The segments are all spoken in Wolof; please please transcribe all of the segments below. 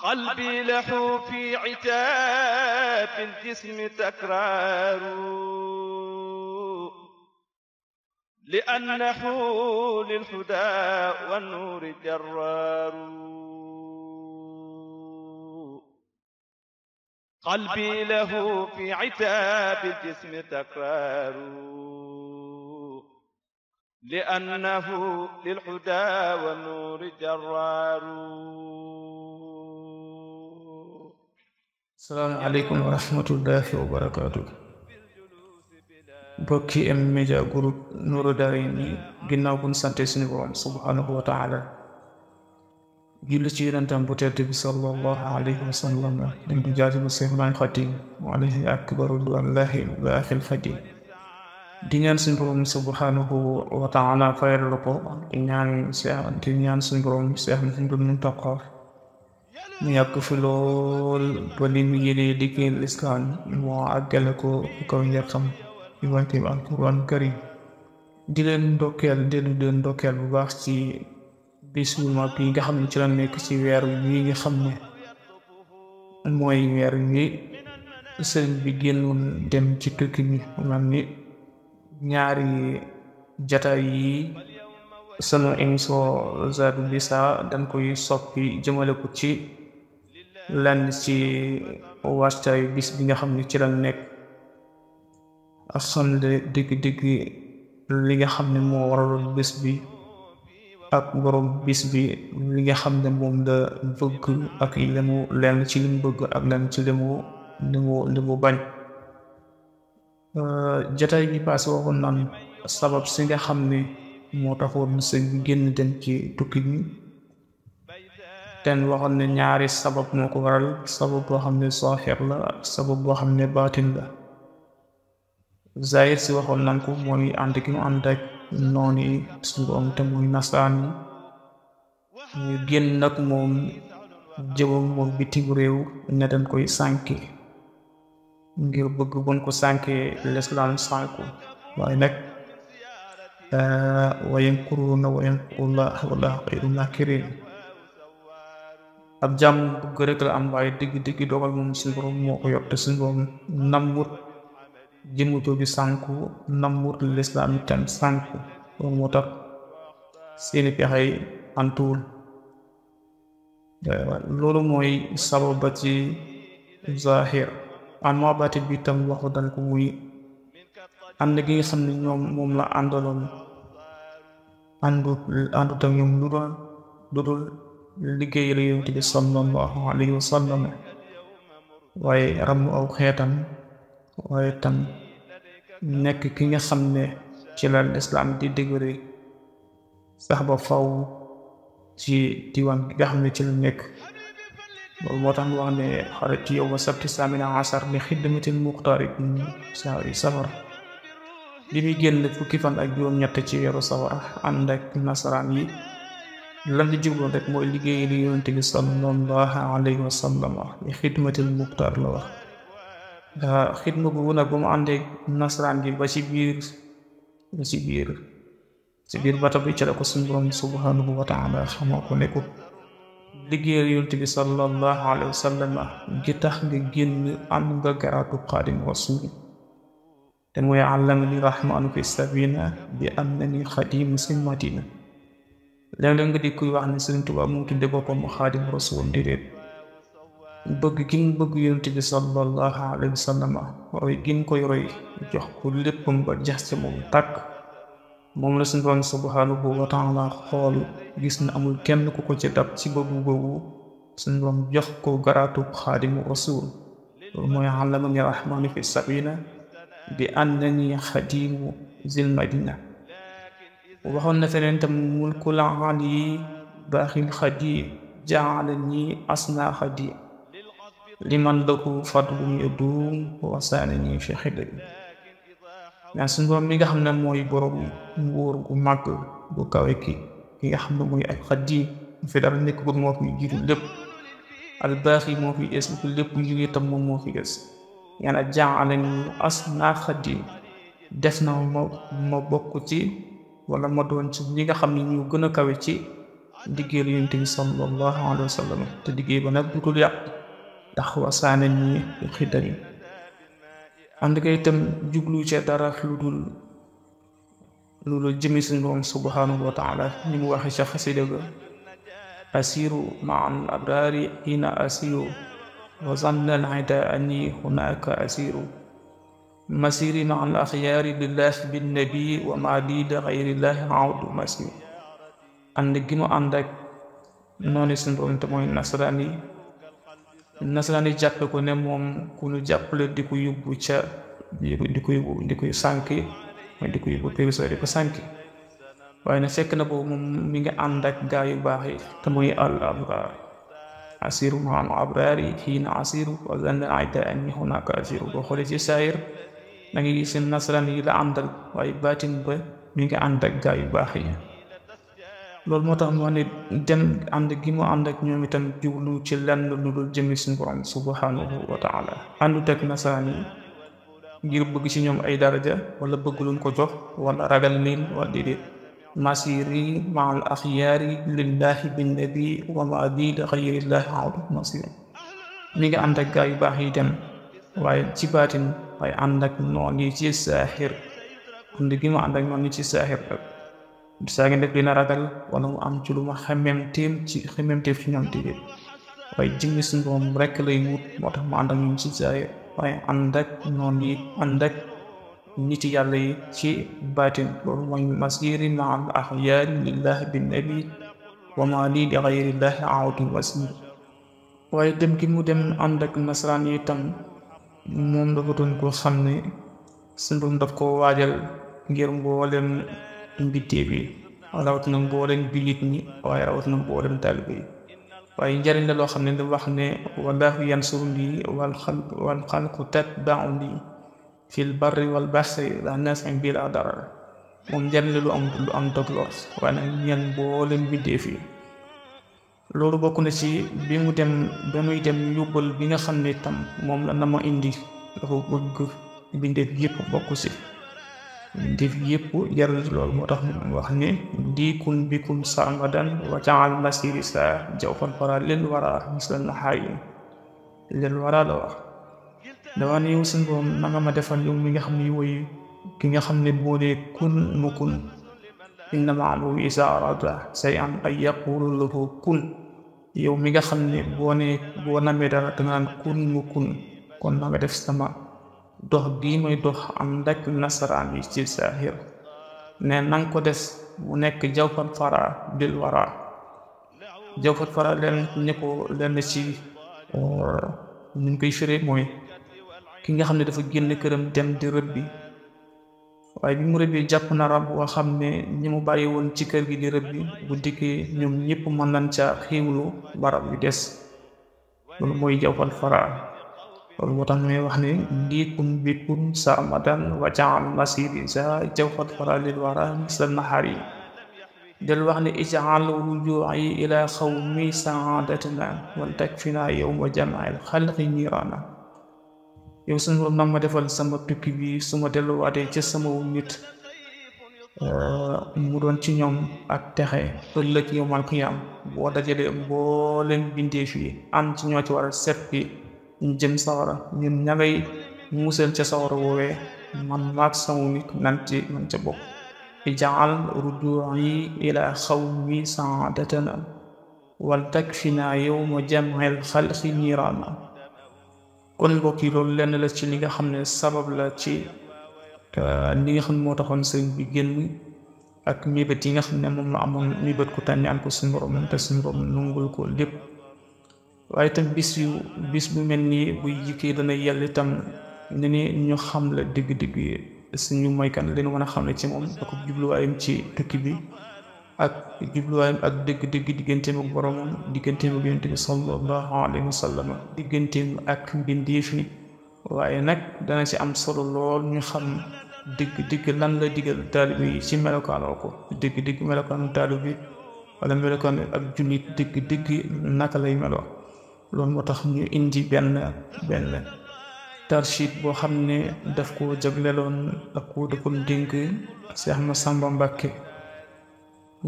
qalbi lahu fi itaab al-jism takraaru li'annahu lil-hudaa wan-nuuri jarraaru qalbi lahu fi itaab al-jism takraaru li'annahu lil-hudaa wan-nuuri jarraaru salaamaaleykum wa rahmatullahi wa barakaatu. bokki M Media Group Nourou Darayni ginnaaw buñ sante suñu borom subhaanahu wa taala julli ci bu tedd bi alayhi wa sallam dañ ko jaati bu seyxnaan xatim alayhi akbaru wallahi wa axil xatim di ñaan suñu borom subhaanahu wa taala fayal ko ñaan si di ñaan si am suñu borom mu taqoor mu yàgg fi lool ba li mu yéene liggéeyal islam moo àggale ko kaw njàttam ci barkeem alquran karim di leen ndokkeel dellu ndokkeel bu baax ci bisu mag yi nga xam ne ci la nekk ci weer yi nga xam ne mooy weer yi sëriñ bi génnoon dem ci tukki bi man ni ñaari jataay sunu émission bi saa dañ koy soppi jëmale ko ci lenn ci waajtaayu bis bi nga xam ne ci lañ nekk ak sonn dëgg-dëgg li nga xam ne moo waraloon bis bi ak borom bis bi li nga xam ne moom la bëgg ak lenn ci li mu bëgg ak lenn ci li mu li bañ euh, jataay bi passé waxoon naan sabab si nga xam ne moo taxoon sëñ bi génn dem ci tukki bi ten waxoon ne ñaari sabab moo ko waral sabab boo xam ne zahir la ak sabab boo xam ne baatin la zahir si waxoon nan ko mooy ànd gi mu ànd ak noonu yi suñu borom te muy nasaan yi ñu génn nag moom jëmam moom bitim réew ne dañ koy sànki ngir bëgg buñ ko sànkee lislaam sànku waaye nag wa yankuruuna wa yankurullah wallahu xayrul maakirin ab jàmm bëgg rek am waaye dëgg dogal moom suñu borom moo ko yor te suñu borom namwut jëmuto bi sànku namwut lislaam itam sànku loolu moo tax seeni pexe yi antuwul euh, loolu mooy sabab ba ci zahir amma baatin bi tam waxu dan ko muy ànd gi nga xam ne ñoom moom la àndaloon àndu àndu tam ñoom lu doon lu dul liggéey la yonent bi sallallahu alayhi wa sallam waaye ramu aw xeetam waaye tam nekk ki nga xam ne ci la lislaam di dégëre sax ba faw ci diwaan ki nga xam ne ci la nekk loolu moo tax mu wax ne yow yawma sabti samina asar li xidmatil muxtaari saawi safar bi muy génn fukki fan ak juróom-ñett ci weeru safar ànd ak nasaraan yi lan di jubloon rek mooy liggéey li yonente bi sallallahu alayhi wa sallam li xidmatil muxtaar la wax da xidma bu nag bu mu ba ci biir ba ci biir ci bi ca la ko suñu ko nekkul liggéeyal yonent bi sallallahu alayhi wa sallam gi tax nga génn am nga garaatu xaadim rasul te mooy àllam li fi sabina bi am na ni xadim si matina léeg nga di kuy wax ne Sëriñ Tuubaa mu tudde boppam xaadim rasul déedéet bëgg gi mu bëgg yonent bi sallallahu alayhi wa sallam roy gi mu koy roy jox ko léppam ba jax ci moom tàkk moom la suñu borom subhanahu wa xool gis na amul kenn ku ko ci dab ci bëggu boobu suñu jox ko garaatu xaadimu rasul loolu mooy allamani rahmani fi sabina bi annani xadimu zil madina waxoon na feneen tam mulkul ali baaxil xadim jaalani asna xadim liman lahu fadlun yadum wasaanani fi xidri ndax suñu borom mi nga xam ne mooy borom wóor gu màgg gu kawe ki ki nga xam ne mooy ak xaddiim mu fi dara nekk bur moo fi jiitu lépp al moo fi es ko lépp jugee tam moom moo fi es yàlla jàngale as naa xaddiim def na ma ma bokk ci wala ma doon ci ñi nga xam ne ñu gën a kawe ci liggéeyal yonent bi sallallahu alayhi wa sallam te liggéey ba nag du dul yàq ndax wasaane ñi xidari andika itam jublu ci dara lu dul lu dul jëmi wa taala ni mu ca xasida ga ma al abrari ina wa zanna al ida anni hunaka asiru ma al lillahi bin wa ma li da xayrillahi awdu masir ànd gi mu ànd ak nasaraan yi jàppe ko ne moom ku ñu jàppale di ko yóbbu ca di ko di ko yóbbu di ko sànk mooy di ko yóbbu périsa di ko sànk waaye nag fekk na boobu moom mi ngi ànd ak gaa yu baax yi te mooy al abraar asiru maam abraar yi xiina asiru wa zanna ayta anni hunaka asiru boo xoolee ci saayir da nga gis seen nasaraan yi la àndal waaye baatin ba mi ngi ànd ak gaa yu baax yi loolu moo tax moo ne dem ànd gi mu ànd ak ñoom itam jublu ci lenn lu dul jëmi suñu borom subhanahu wa taala àndut ak ngir bëgg ci ñoom ay daraja wala bëgg luñ ko jox wala ragal leen wala déedéet masiri ma al axyaari lillahi binnabi wa ma di li xayrillahi awdu masir mi ngi ànd ak gaa yu baax yi dem waaye ci baatin waaye ànd ak noon ci saaxir ànd gi mu ànd ak noon ci saaxir du saa ngi dina ragal wala mu am ci lu ma xemmeemteem ci xemmeemteem ci ñoom tamit waaye jëmmi suñu borom rek lay wut moo tax mu ànd ak ñun ci zaahir waaye noon yi ànd ak nit yàlla yi ci baatin loolu mooy masiri ma al axyaari lillahi bin dem gi mu dem ànd nasaraan yi moom dafa doon ko xam ne suñu borom ko waajal ngir mboolem mbindeef yi rawatina mboolem jullit ñi waaye rawatina mboolem taalibe yi waaye njariñ la loo xam ne dafa wax ne wallaahu yansuru lii wal xalq wal xalqu tatbau lii fil barri wal bahri bi nasin bil darar moom njariñ la lu am lu waaye nag ñeen mboolem mbindeef yi loolu bokk na ci bi mu dem ba dem yóbbal bi nga xam ne tam moom la na ma indi dafa bëgg bindeef yëpp bokk si def yëpp jarul loolu moo tax mu wax ne diikun bikun samadan wa jaal masiri sa jawfan fara lil wara mislan la xaayin lil wara la wax dama ne yow suñ nanga ma defal yow mi nga xam ne woy ki nga xam ne boo dee kun mu kun inna maalu yow mi nga xam ne boo ne boo namee dara kun mu kun kon na def sama dox bii mooy dox am ndak nasaraan yi ci saahir ne nang ko des mu nekk jawfat fara bil wara jawfat fara leen ñi lenn ci euh, ñu koy firi mooy ki nga xam ne dafa génn këram dem di rëbbi waaye bi mu rëbbee jàpp na rab boo xam ne ñi mu bàyyi woon ci kër gi di rëbbi bu dikkee ñoom ñëpp mën nañ ca xiiwlu barab bi des loolu mooy jawfat fara loolu moo tax may wax ne diikun bikun sarmadan wajaal masiri sa jawfat faralil wara misal nahari del wax ne ijaal rujuuci ila xawmi saadatina wal takfina yowma jamail xalqi na yow suñu borom nag ma defal sama tukki bi su ma delluwaatee ca sama nit mu doon ci ñoom ak texe ëllëg yowmal qiyaam boo dajalee mboolem bindee fii am ci ñoo ci war a set ñu jëm sawara ñun ña ngay musal ca sawara woowee man maag sama nit nan man ca bokk ijaal rujuu'i ila xawmi saadatana wal takfina yowma jam'il xalqi niiraana kon mbokk yi loolu lenn la ci li nga xam ne sabab la ci li nga xam ne moo taxoon sëriñ bi génn ak mébét yi nga xam ne moom la amoon mébét ku tànn am ko suñu borom te suñu borom nungul ko lépp waaye tam bis yu bis bu mel nii buy jikkee dana yell itam ne ni ñu xam la dëgg-dëgg suñu mooy kan leen mën a xam ne ci moom ak jubluwaayam ci tukki bi ak jubluwaayam ak dëgg-dëgg digganteem ak boromam digganteem ak yonent bi sallallahu alayhi wa sallam ak mbindeef waaye nag dana ci am solo lool ñu xam dëgg-dëgg lan la digal taalib yi ko dëgg-dëgg melokaanu taalib bi wala melokaanu ak jullit dëgg-dëgg naka lay meloo loolu moo tax ñu indi benn benn tarshid boo xam ne daf ko jagleloon ak ko dëkkoon dénk Seex Masamba Mbàkke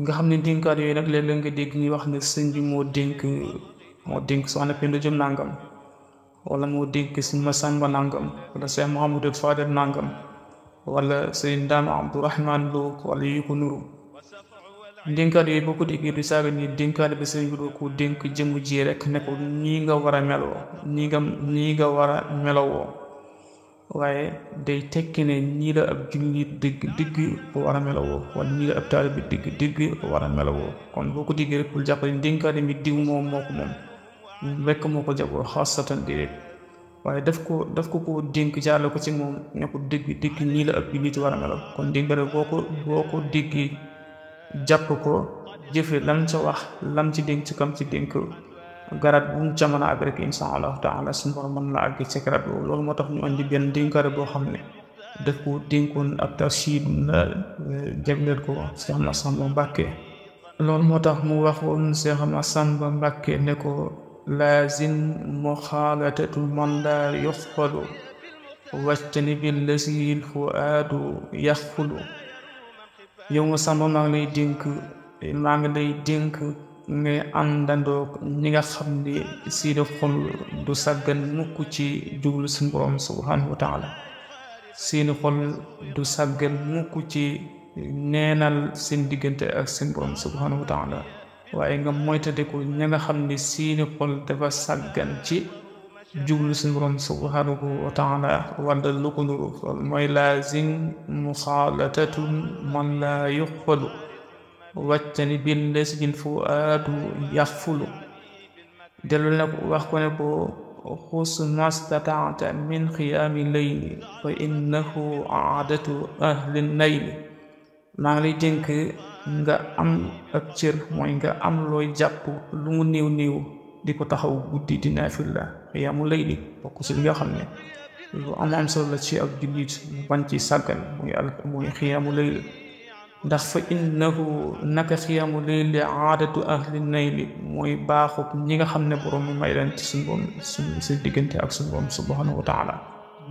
nga xam ne dénkaat yooyu rek léeg-léeg nga dégg ñuy wax ne sëñ bi moo dénk moo dénk soxna Penda Jom nangam walla moo dénk sëñ Masamba nangam wala Seex Mouhamadou Fadel nangam walla sëñ Ndaam Abdourahman Lo wala yu ko nuru dénkaane yooyu boo ko déggee du saaga ni dénkaane bi sëriñ bi doo ko dénk jëmu ji rek ne nii nga war a meloo nii nga nii nga war a melowoo waaye day tekki ne ñii la ab jullit dëgg dëgg ko war a kon boo ko déggee rek bul jàpp ne dénkaane bi diw moom moo ko moom ko jagoo ko ko ko dénk jaarale ko ci moom ne ko nii la ab meloo kon dénkaane boo ko déggee jàpp ko jëfe lam ca wax lam ci dénk ci kam ci dénk garat bu mu jamono ak rek insha allahu taala suñu borom mën la àgg ci garat boobu loolu moo tax ñu andi benn dénkare boo xam ne def ko dénkoon ab tarsiid la eh, jagleel ko Seex Masamba Mbàkke loolu moo tax mu waxoon Seex Masamba Mbàkke ne ko laazim muxaalatatu man laa yuxfalu wajtanibil lazi fuaadu yaxfulu yow mu samba maa ngi lay dénk maa ngi lay dénk ngay àndandoo ñi nga xam ni seeni xol du sàggan mukk ci jublu suñu borom subhanahu wa taala seeni ci neenal seen diggante ak seen borom subhanahu wa taala waaye nga moytandiku ña nga xam ne seeni xol dafa sàggan ci jublu suñu borom subhanahu wa taala wala mooy laazim muxaalatatu man laa yuqbalu wàccani bin lesjin fuaadu yàffulu dellu na ko wax ko ne ko xus mastataata min xiyaami layli fa innahu aadatu ahli nayli maa ngi lay dénk nga am ab cër mooy nga am looy jàpp lu mu néew néew di ko taxaw guddi di naafila la layli bokk si li nga xam ne lu am am solo la ci ak jullit mu bañ ndax fa naka xiyaamu layli aadatu ahli mooy baaxu ñi nga xam ne borom mu may leen ci suñ borom si diggante ak suñ borom subhanahu wa taala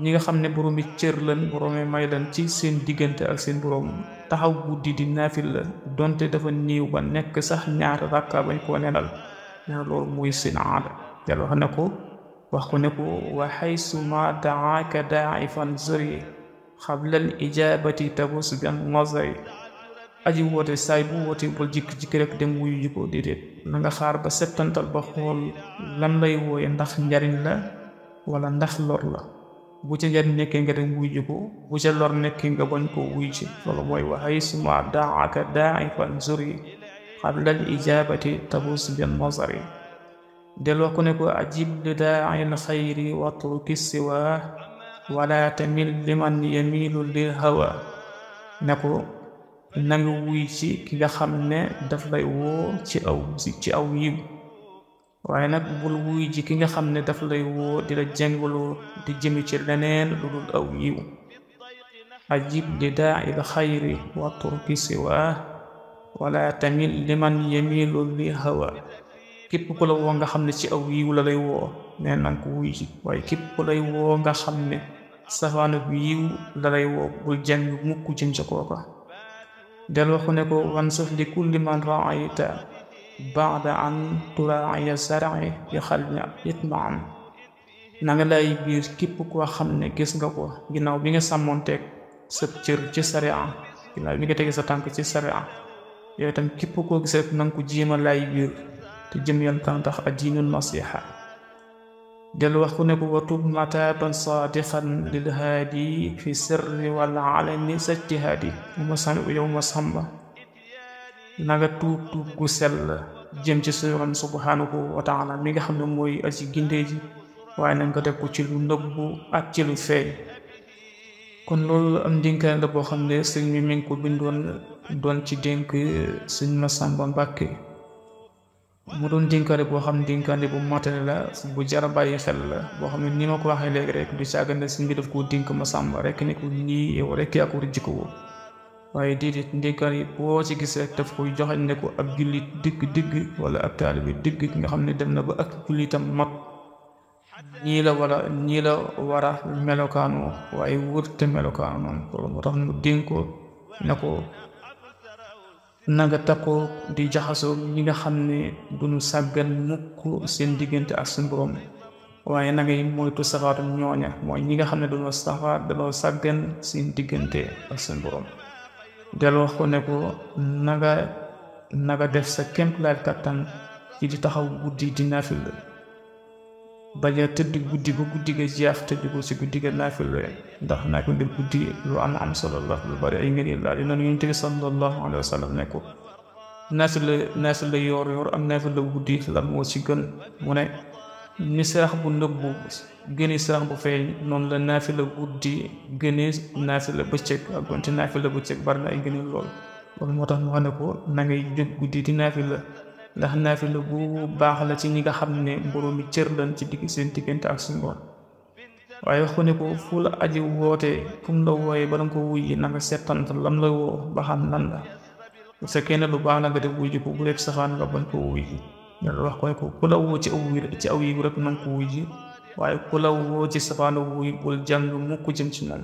ñi nga xam ne borom mi cër leen borom may leen ci seen diggante ak seen borom taxaw guddi di la donte dafa néew ba nekk sax ñaar rakka bañ koo nenal nee na loolu muy seen aada te wax ne ko wax ko ne ko wa xaysu ma daaka daaifan zuri xabla al ijabati tabus bi an aji woote saay bu woote bul jikk-jikk rek dem wuyu jiko déedéet na nga xaar ba settantal ba xool lan lay wooye ndax njariñ la wala ndax lor la bu ca njariñ nekkee nga dem wuyu jiko bu ca lor nekkee nga bañ koo wuyu ci loolu mooy waxay suma daaka daaifan zuri qabla al-ijaabati tabuus bil nazari del wax ku ne ko ajib li daa'i l-xayri watruki siwaa wala tamil liman yamiilu lil hawa ne ko nanga ki nga xam ne daf lay woo ci aw yiw waaye nag bul wuy ki nga xam ne daf lay woo di la jëngaloo di jëmi ci leneen lu dul aw yiw ajib li daa'i l-xayri watruki siwaa wala tamil liman yamilu li hawa képp ku la woo nga xam ne ci aw yiw la lay woo nee na nga ko wuy waaye képp ku lay woo nga xam ne safaanu yiw la lay woo bul jàng mukk jëm ca kooka del waxu ne ko wansaf li kulli man raayta baada an turaaya sarae bi xalbi itmaan na nga lay biir képp koo xam ne gis nga ko ginnaaw bi nga sàmmoonteeg sa cër ci sariya ginnaaw bi nga tege sa tànk ci sariya yow itam képp koo gis rek na nga ko jéem a laay biir te jëm yoon kan tax addiinul nasiha wax ku ne ko watub mataban saadiqan lil haadi fi sirri wal alani sa ijtihaadi mu ma sami yow ma sàmba na nga tuub tuub gu sell jëm ci suyoon subhanahu wa taala mi nga xam ne mooy aji gindee waaye na nga def ko ci lu nëbbu ak ci lu feeñ kon loolu am dénkaane la boo xam ne sëñ bi mi ngi ko bindoon doon ci dénk sëñ Massamba Mbàkke mu doon dénkaane boo xam ne dénkaane bu matale la bu jara bàyyi xel la boo xam ne ni ma ko waxee léegi rek du càggante sëñ bi daf koo dénk Massamba rek ne ko nii yow rek yaa ko war a waaye déedéet ndénkaan yi boo ci gis rek daf ko joxañ ne ko ak jullit dëgg digg wala ab taalibe digg ki nga xam ne dem na ba ak jullitam mat ñii la war a nii la war a melokaanoo waaye wërte melokaano noonu loolu moo tax mu dénk ko ne ko nanga di jaxasoo ñi nga xam ne duñu sàggan mukk seen diggante ak suñu borom waaye na ngay moytu saxaaru ñooña mooy ñi nga xam ne dañoo saxaar dañoo sàggan seen diggante ak seen borom del wax ko ne ko nanga nanga def sa kémp laaj kattan ci di taxaw guddi di naafil bañ a tëdd guddi ga guddi ga jaaf tëdd ko si guddi ga naafilu ndax naa ko guddi lu am am solo la lu bari ay ngëneel la dina yonent bi sallallahu alayhi wa sallam ne ko naafilu naafilu yoor yoor ak naafilu guddi lan moo si gën mu ne ni sarax bu nëbbu gëni sarax bu feeñ noonu la naafilu guddi gëni la bëccëg ak gonte naafilu bëccëg bari na ay ngëneel lool loolu moo tax mu wax ne ko na ngay jóg guddi di naafilu ndax naafila bu baax la ci ñi nga xam ne mi cër lan ci digg seen diggante ak suñu borom waaye wax ko ne ko fu la aji wootee fu mu la wooyee ba nga ko wuy na nga settantal la woo ba lan la parce que lu baax la nga def wuy ji ko bu dee wax ko ko ku la woo ci aw ci aw yiw rek na ko wuy ji waaye ku la woo ci safaanu wuy bul jàng mukk jëm ci moom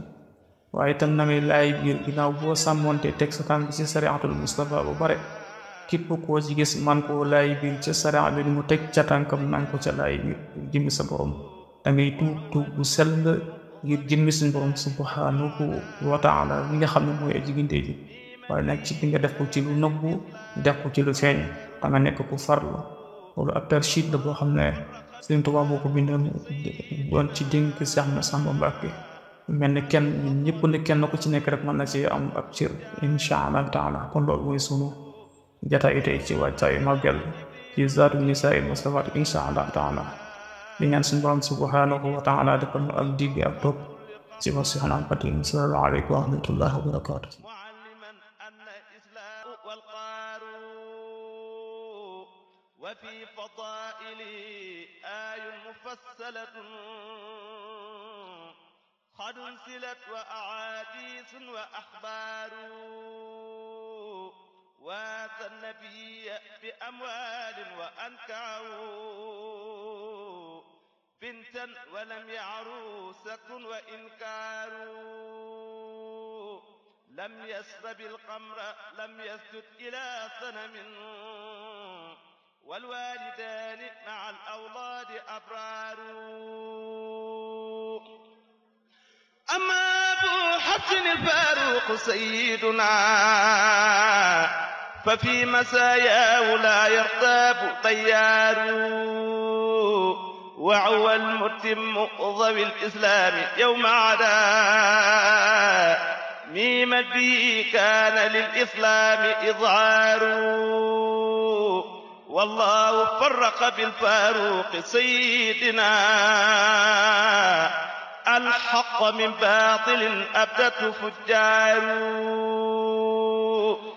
waaye tam na ngay laay biir ginnaaw boo sàmmoonte teg sa tànk ci sariatul Mustafa bu bare képp koo ci gis man koo laay biir ca sariya bi nu mu teg ca tànkam nang ko ca laay biir jëmmi sa borom da ngay tuub tuub bu sell ngir jëmmi suñ borom subhanahu wa taala li nga xam ne mooy aji gindee ji waaye nag ci nga def ko ci lu nëbbu def ci lu feeñ da nga nekk ku farlu loolu ab tarshid la boo xam ne Sëriñ Tuubaa boo ko bindoon doon ci dénk Seex Ahmadu Samba Mbàkke mel ni kenn ñun ñëpp ne kenn ku ci nekk rek mën na ci am ab cër insha allah taala kon loolu mooy sunu jataay tey ci waajtaayu màggal ci zaadu nisaa il mustafaa insha allah taala di ñaan suñu borom subhaanahu wa taala defal nu ak digg ak topp ci ba si xanaan fatim salaamu aleykum wa rahmatullahi wa barakaatu وفي فضائل آي مفصلة قد أنزلت وأحاديث وأخبار waata nabiya bi amwaalin wa ankaaru bintan walam yaaru sakun wa inkaaru lam yasrabi alxamra lam yasjud ila sanamin walwalidaani maa al awlaadi abraaru amma bu xabsin alfaaruq sayiduna ففي مساياه لا يرتاب طيار وعوى المتم ضوي الإسلام يوم عدا ميم به كان للإسلام إظهار والله فرق بالفاروق سيدنا الحق من باطل أبدته فجار